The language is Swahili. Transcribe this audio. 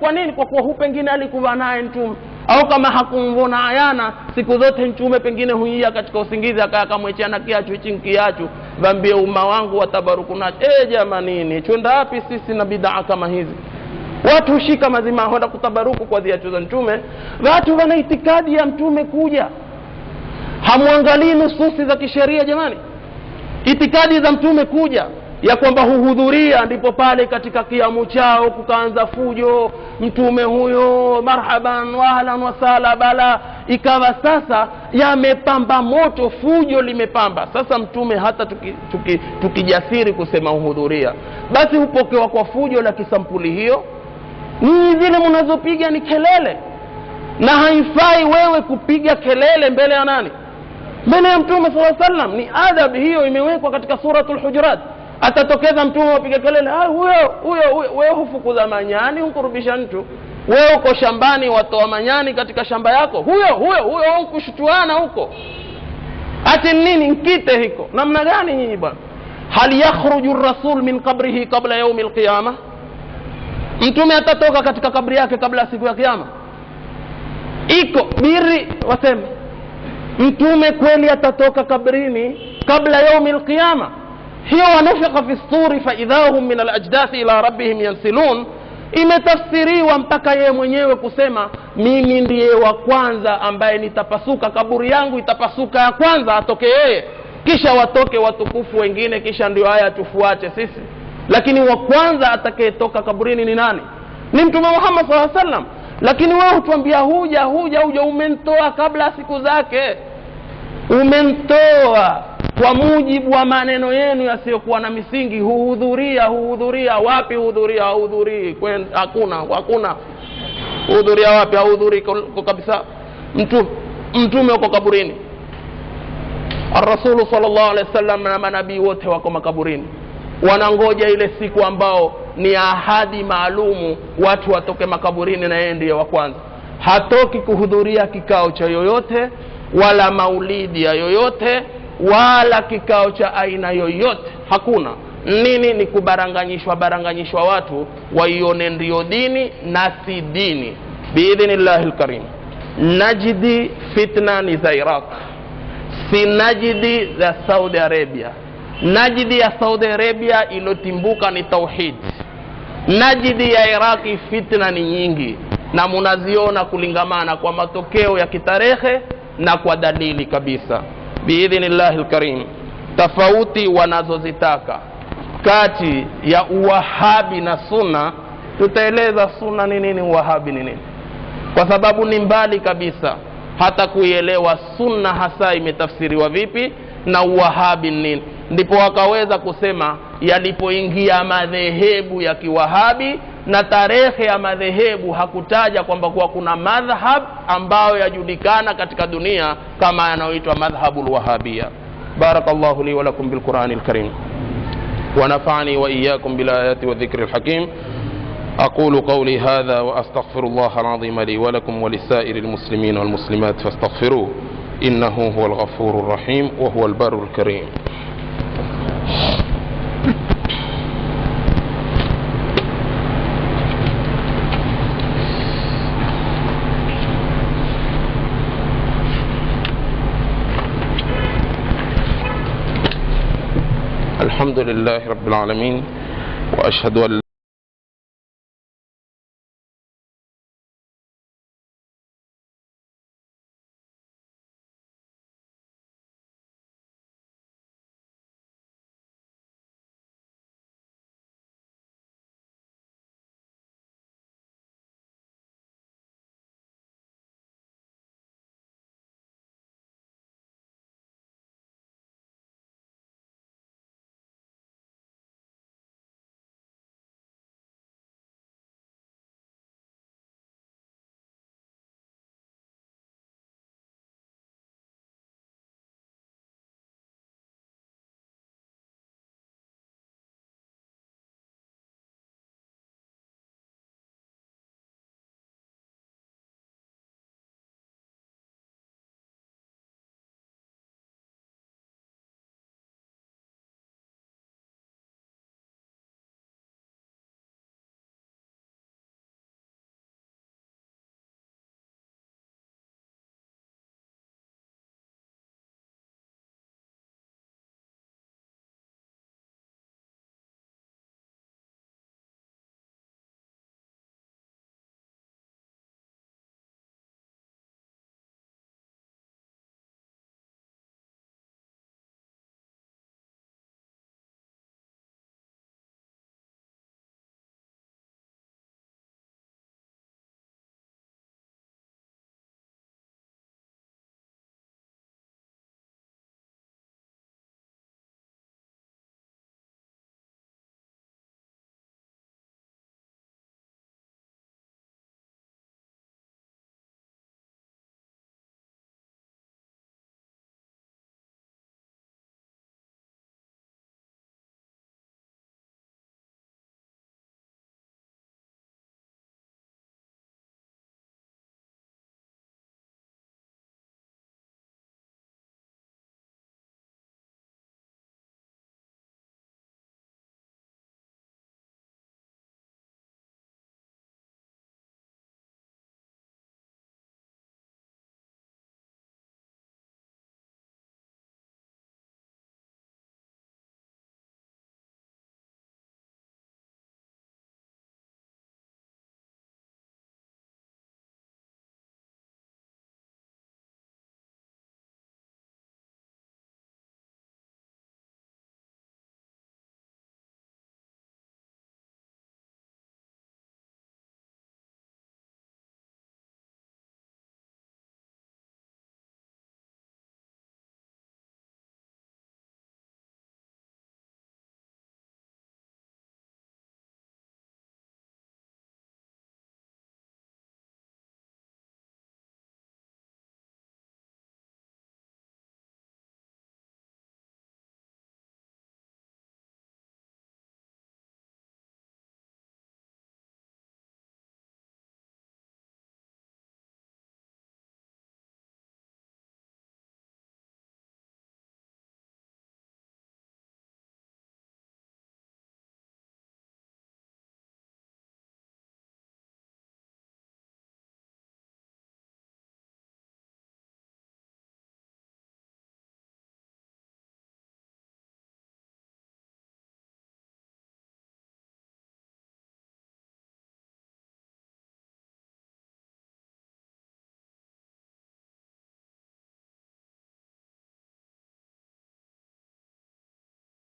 kwa nini kwa kuwa hu pengine alikuwa naye mtume au kama hakumvona ayana siku zote mtume pengine huia katika usingizi na kiachu hichi nkiachu vambie umma wangu watabarukunacho e eh, jamanini chwenda wapi sisi na bidaa kama hizi watu hushika mazima hwenda kutabaruku kwa ziachu za mtume watu wana itikadi ya mtume kuja hamwangalii nususi za kisheria jamani itikadi za mtume kuja ya kwamba huhudhuria ndipo pale katika kiamu chao kukaanza fujo mtume huyo marhaban wahlan wasala bala ikawa sasa yamepamba moto fujo limepamba sasa mtume hata tukijasiri tuki, tuki kusema huhudhuria basi hupokewa kwa fujo la kisampuli hiyo ninyi zile mnazopiga ni kelele na haifai wewe kupiga kelele mbele ya nani mbele ya mtume saa salam ni adab hiyo imewekwa katika suratu hujurat atatokeza mtume apige kelele ah, huyo huyo wewe hufukuza manyani hukurubisha mtu wewe uko shambani watoa manyani katika shamba yako huyo huyo huyo hukushutuana huko ati nini nkite hiko namna gani nyinyi bwana hal yakhruju rasul min qabrihi qabla yaumi lqiyama mtume atatoka katika kabri yake kabla ya siku ya kiama iko biri wasema mtume kweli atatoka kabrini kabla yaumi lqiyama hiyo wanufika fi suri faidhahum min alajdathi ila rabbihim yansilun imetafsiriwa mpaka yeye mwenyewe kusema mimi ndiye wa kwanza ambaye nitapasuka kaburi yangu itapasuka ya kwanza atoke yeye kisha watoke watukufu wengine kisha ndio haya tufuate sisi lakini wa kwanza atakayetoka kaburini ni nani ni mtume muhammad saa sallam lakini wewe hutuambia huja huja huja umentoa kabla siku zake umentoa kwa mujibu wa maneno yenu yasiyokuwa na misingi huhudhuria huhudhuria wapi huhudhuria hahudhurii hakuna hakuna huhudhuria wapi hahudhurii kabisa mtu mtume uko kaburini arrasulu salllah alehi wasallam na manabii wote wako makaburini wanangoja ile siku ambao ni ahadi maalumu watu watoke makaburini na yeye ndiye wa kwanza hatoki kuhudhuria kikao cha yoyote wala maulidi ya yoyote wala kikao cha aina yoyote hakuna nini ni kubaranganyishwa baranganyishwa watu waione ndio dini na si dini biidhnillahi lkarim najidi fitna ni za iraq si najidi za saudi arabia najidi ya saudi arabia iliyotimbuka ni tauhid najidi ya iraqi fitna ni nyingi na munaziona kulingamana kwa matokeo ya kitarehe na kwa dalili kabisa biidhnillahi lkarim tofauti wanazozitaka kati ya uwahabi na sunna tutaeleza sunna ni nini uwahabi ni nini kwa sababu ni mbali kabisa hata kuielewa sunna hasa imetafsiriwa vipi na uwahabi nini ndipo wakaweza kusema yalipoingia madhehebu ya kiwahabi na tarehe ya madhehebu hakutaja kwamba kuwa kuna madhhab ambayo yajulikana katika dunia kama yanayoitwa madhhabu lwahabia barakallahu li walakum bilqurani lkarim ونفعني وإياكم بالآيات والذكر الحكيم أقول قولي هذا وأستغفر الله العظيم لي ولكم ولسائر المسلمين والمسلمات فاستغفروه إنه هو الغفور الرحيم وهو البر الكريم الحمد لله رب العالمين وأشهد أن